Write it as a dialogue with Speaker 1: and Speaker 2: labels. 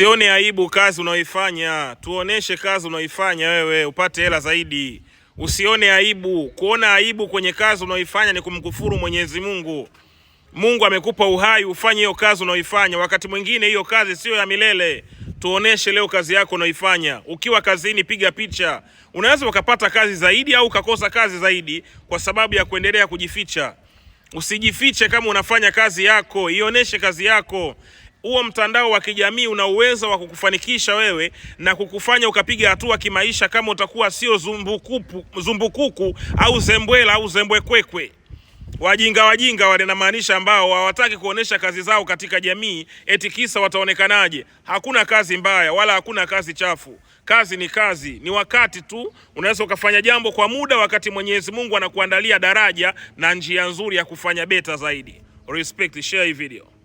Speaker 1: Usione aibu kazi unaoifanya, tuoneshe kazi unaoifanya wewe upate hela zaidi. Usione aibu. Kuona aibu kwenye kazi unaoifanya ni kumkufuru Mwenyezi Mungu. Mungu amekupa uhai, ufanye hiyo kazi unaoifanya. Wakati mwingine hiyo kazi sio ya milele. Tuoneshe leo kazi yako unaoifanya. Ukiwa kazini, piga picha. Unaweza ukapata kazi zaidi au ukakosa kazi zaidi kwa sababu ya kuendelea kujificha. Usijifiche kama unafanya kazi yako, ioneshe kazi yako huo mtandao wa kijamii una uwezo wa kukufanikisha wewe na kukufanya ukapiga hatua kimaisha, kama utakuwa sio zumbukuku, zumbukuku au zembwela au zembwekwekwe, wajinga wajinga wale, namaanisha ambao hawataki kuonesha kazi zao katika jamii, eti kisa wataonekanaje. Hakuna kazi mbaya wala hakuna kazi chafu. Kazi ni kazi, ni wakati tu unaweza ukafanya jambo kwa muda, wakati Mwenyezi Mungu anakuandalia daraja na njia nzuri ya kufanya beta zaidi. Respect, share hii video.